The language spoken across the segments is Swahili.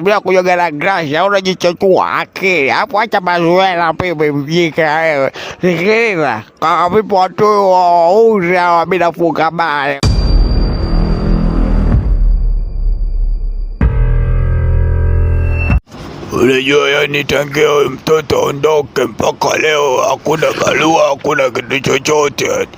bila kujogaragarashi au unajichochua akili hapo. Acha mazoea pepe mjika wewe, sikiliza kama Vipo watu bila fuka bale Unajua, yani tangia mtoto ondoke mpaka leo hakuna barua, hakuna kitu chochote,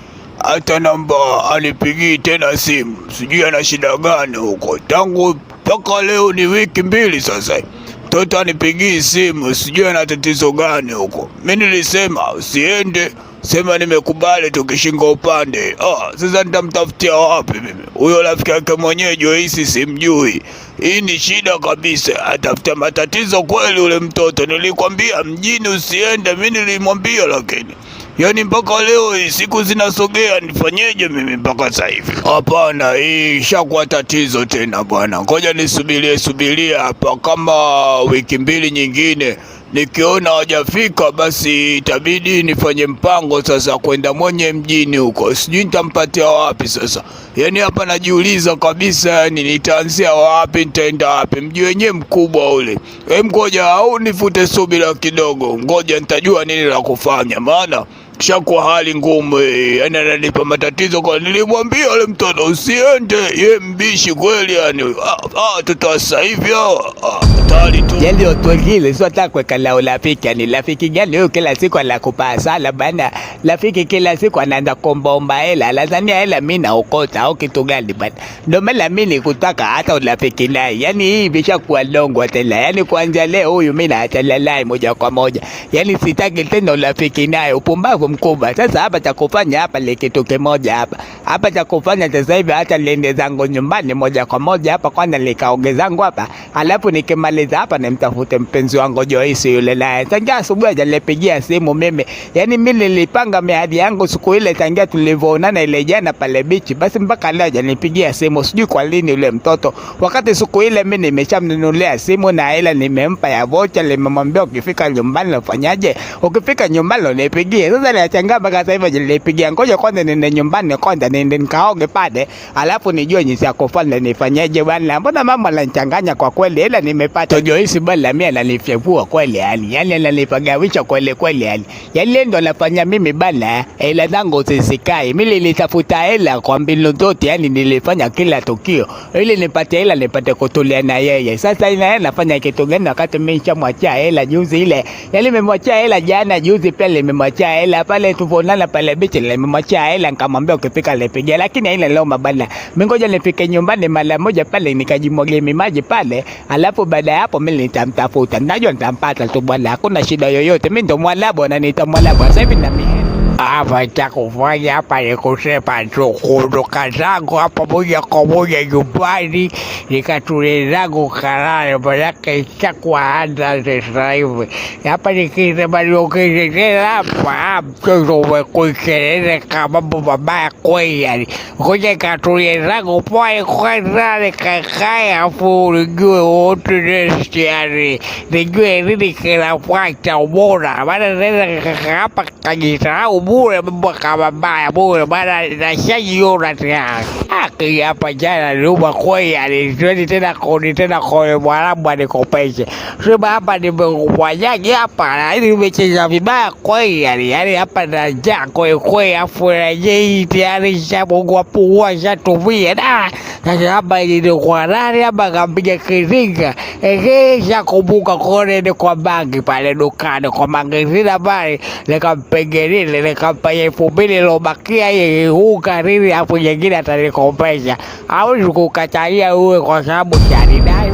hata namba alipigii tena simu. Sijui ana shida gani huko tangu toka leo ni wiki mbili sasa, mtoto anipigii simu, sijui ana tatizo gani huko. Mi nilisema usiende, sema nimekubali, tukishinga upande. Ah, sasa nitamtafutia wapi mimi huyo rafiki yake mwenyewe Joisi? Simjui. Hii ni shida kabisa, atafuta matatizo kweli ule mtoto. Nilikwambia mjini usiende, mi nilimwambia lakini Yaani mpaka leo siku zinasogea, nifanyeje mimi mpaka sasa hivi? Hapana, hii ishakuwa tatizo tena bwana. Ngoja nisubirie subiria hapa kama wiki mbili nyingine nikiona hajafika basi itabidi nifanye mpango sasa kwenda mwenye mjini huko, sijui nitampatia wapi sasa. Yani hapa najiuliza kabisa, yani nitaanzia wapi, nitaenda wapi? Mji wenyewe mkubwa ule. Hem, ngoja au nifute subira kidogo, ngoja nitajua nini la kufanya maana shakuwa hali ngumu, yani eh, ananipa matatizo. Kwa nilimwambia yule mtoto usiende, ye mbishi kweli, yani ah, ah, sasa hivi ah, tu. yaliotwegile sota kweka la urafiki, yani rafiki gani huyo? Kila siku anakupaa sala bana, rafiki kila siku anaanza kumbomba hela, lazania hela mimi naokota au kitu gani bana? Ndio maana mimi nikutaka hata urafiki naye, yani hii imeshakuwa dongo tena, yani kuanzia leo huyu mimi naachana naye moja kwa moja, yani sitaki tena urafiki naye, upumbavu mkubwa. Sasa hapa cha kufanya hapa ni kitu kimoja hapa. Hapa cha kufanya sasa hivi hata niende zangu nyumbani moja kwa moja hapa kwanza nikaoge zangu hapa. Alafu nikimaliza hapa nimtafute mpenzi wangu Joyce yule naye. Tangia asubuhi hajanipigia simu mimi. Yaani mimi nilipanga miadi yangu siku ile tangia tulivyoonana ile jana pale bichi. Basi mpaka leo hajanipigia simu. Sijui kwa nini yule mtoto. Wakati siku ile mimi nimeshamnunulia simu na ila nimempa ya vocha, nimemwambia ukifika nyumbani unafanyaje? Ukifika nyumbani unipigie. Sasa sasa nashangaa mpaka sasa hivi nilipigia, ngoja kwanza nende nyumbani kwanza, nende nikaoge pale, alafu nijue jinsi ya kufanya nifanyeje bwana. Mbona mama ananichanganya kwa kweli, ila nimepata tojo Joyce bwana, mimi ananifyekua kweli, yani yani ananipagawisha kweli kweli, yani yale ndo anafanya mimi bwana. Ila zangu sisikai mimi, nilitafuta hela kwa mbinu zote, yani nilifanya kila tukio ili nipate hela, nipate kutulia na yeye. Sasa ina yeye anafanya kitu gani wakati mimi nishamwachia hela juzi ile, yani nimemwachia hela jana, juzi pia nimemwachia hela pale tuvonana pale bichi, nimemwachia hela eh, nikamwambia ukipika nipigie, lakini haina loma bana. Mimi ngoja nifike nyumbani mara moja pale nikajimwagie maji pale, alafu baada ya hapo mimi nitamtafuta, najua nitampata tu bwana, hakuna shida yoyote. Mimi ndo Mwalabu na nitamwalabu sasa hivi na mimi Ава такова я парекусе панцу худу казагу, а побуя кому я юбани, и которые загу харали, бляка и чакуа анда се сраивы. Я пареки за малюка и же лап, а чужу вы кучерена кама бубама койяри. Худе которые загу пой хазали какая фуры гю оту не стяри. Да гю и рыдика на факта умора, а вана не на хапа кагитау mura baka mabaya mura mara na shanyo na tia haki hapa jana nyuma kweli alinioni tena kodi tena kole mwalamu anikopeshe sema hapa nimekufanyaji hapa lakini nimecheza vibaya kweli yani yani hapa na njaa kweli kweli afu rejei tayari shamogwapua shatumia na Sasa hapa ilikuwa nani hapa akampiga kizinga ikisha kumbuka kone kwa bangi pale dukani kwa magazina pale, nikampengelile nikampa elfu mbili ilobakia ihuka nini afu nyingine atanikombesha au sikukatalia uwe kwa sababu chanidai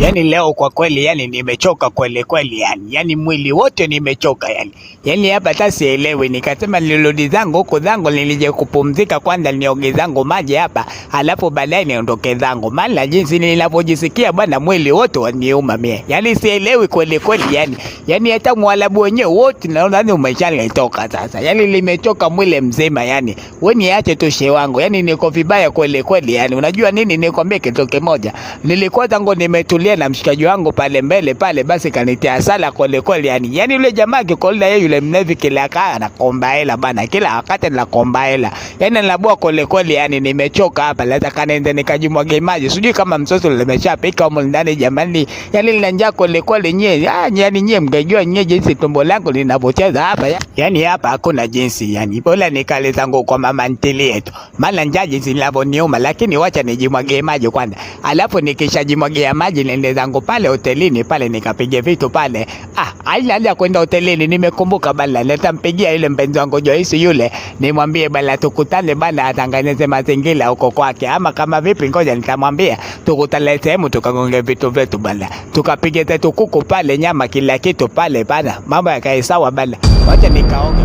yani leo kwa kweli, yani nimechoka kweli kweli, yani yani mwili wote nimechoka yani yani hapa hata sielewi. Nikasema nilirudi zangu huko zangu, nilije kupumzika kwanza, nioge zangu maji hapa, alafu baadaye niondoke zangu, maana jinsi ninavyojisikia bwana, mwili wote waniuma mie, yani sielewi kweli kweli, yani yani hata mwalabu wenyewe wote naona ni yaani umeshanitoka sasa, yani limechoka mwili mzima, yani wewe niache tu shehe wangu, yani niko vibaya kweli kweli, yani unajua nini, nikwambie kitu kimoja, nilikuwa zangu nimetulia naongea na mshikaji wangu pale mbele pale, basi kanitia sala kole kole. Yani yani yule jamaa akikola yeye yule mnevi kila kaa anakomba hela bana, kila wakati anakomba hela, yani nabua kole kole. Yani nimechoka hapa, lazima kanaenda nikajimwage maji, sijui kama msoso limeshapika huko ndani jamani, yani nina njaa kole kole nyie. Ah, yani nyie mngejua nyie jinsi tumbo langu linavyocheza hapa, ya. yani hapa hakuna jinsi, yani bora nikale zangu kwa mama ntili yetu, maana njaa jinsi linavyoniuma, lakini wacha nijimwage maji kwanza, alafu nikishajimwagea maji ni niende zangu pale hotelini pale nikapige vitu pale. Ah, aina ya kwenda hotelini nimekumbuka bana, nitampigia yule mpenzi wangu Joyce yule, nimwambie bana tukutane bana, atanganeze mazingira huko kwake, ama kama vipi, ngoja nitamwambia tukutane sehemu tukagonge vitu vyetu bana, tukapige tetu kuku pale, nyama kila kitu pale bana, mambo yakae sawa bana. Wacha nikaoge.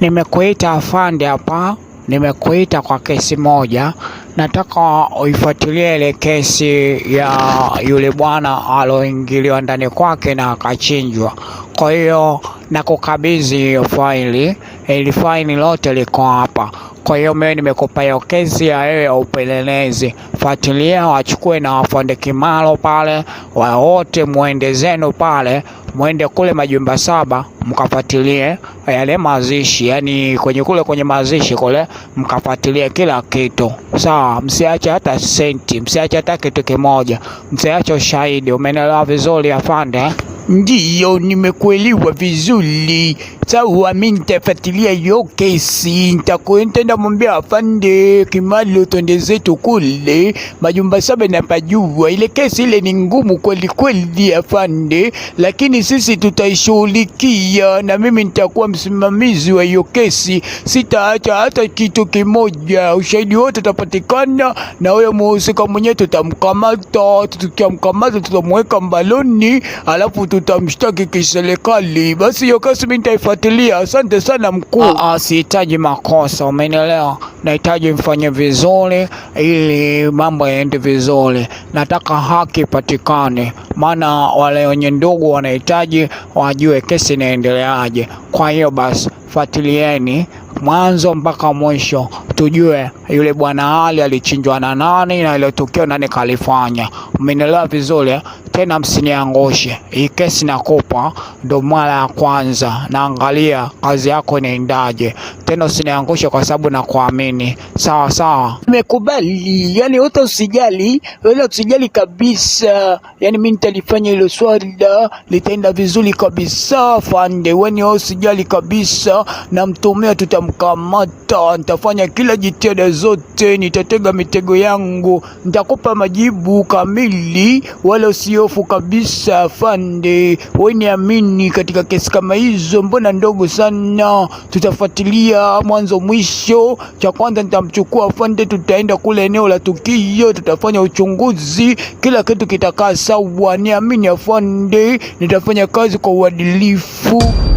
Nimekuita afande hapa nimekuita kwa kesi moja, nataka uifuatilie ile kesi ya yule bwana aloingiliwa ndani kwake na akachinjwa. Kwa hiyo nakukabidhi hiyo faili, ili faili lote liko hapa. Kwa hiyo mimi hiyo kesi ya upelelezi, fuatilia wachukue na wafonde Kimaro pale, wote mwende zenu pale, mwende kule majumba saba mkafuatilie yale mazishi, yani kwenye kule kwenye mazishi kule mkafuatilie kila kitu sawa. Msiache hata senti, msiache hata kitu kimoja, msiache ushahidi. Umenelewa vizuri afande? Eh? Ndiyo, nimekuelewa vizuri sawa, mimi nitafuatilia hiyo kesi, nitakwenda ndamwambia afande Kimalo, twende zetu kule majumba saba na pajua. Ile kesi ile ni ngumu kweli kweli afande, lakini sisi tutaishughulikia, na mimi nitakuwa msimamizi wa hiyo kesi, sitaacha hata kitu kimoja. Ushahidi wote utapatikana, na huyo muhusika mwenyewe tutamkamata. Tutamkamata, tutamweka mbaloni, alafu tutamshtaki kiserikali. Basi hiyo kesi mimi nitaifuatilia kufuatilia. Asante sana mkuu. Ah, ah, sihitaji makosa, umenielewa? Nahitaji mfanye vizuri ili mambo yaende vizuri. Nataka haki ipatikane, maana wale wenye ndugu wanahitaji wajue kesi inaendeleaje. Kwa hiyo basi, fuatilieni mwanzo mpaka mwisho tujue yule bwana Ali alichinjwa na nani na ile tukio nani kalifanya. Umenielewa vizuri? Eh? tena, msiniangushe. Hii kesi nakupa, ndo mara ya kwanza, naangalia kazi yako inaendaje tena usiniangushe kwa sababu nakuamini. Sawa sawa, nimekubali. Yani hata usijali, wala usijali kabisa. Yani mimi nitalifanya hilo swala litaenda vizuri kabisa, fande weni, wewe usijali kabisa. Na mtumia tutamkamata, nitafanya kila jitihada zote, nitatega mitego yangu, nitakupa majibu kamili, wala usiofu kabisa, fande weni, amini. Katika kesi kama hizo, mbona ndogo sana, tutafuatilia mwanzo mwisho. Cha kwanza nitamchukua fundi, tutaenda kule eneo la tukio, tutafanya uchunguzi, kila kitu kitakaa sawa. Niamini Afande, nitafanya kazi kwa uadilifu.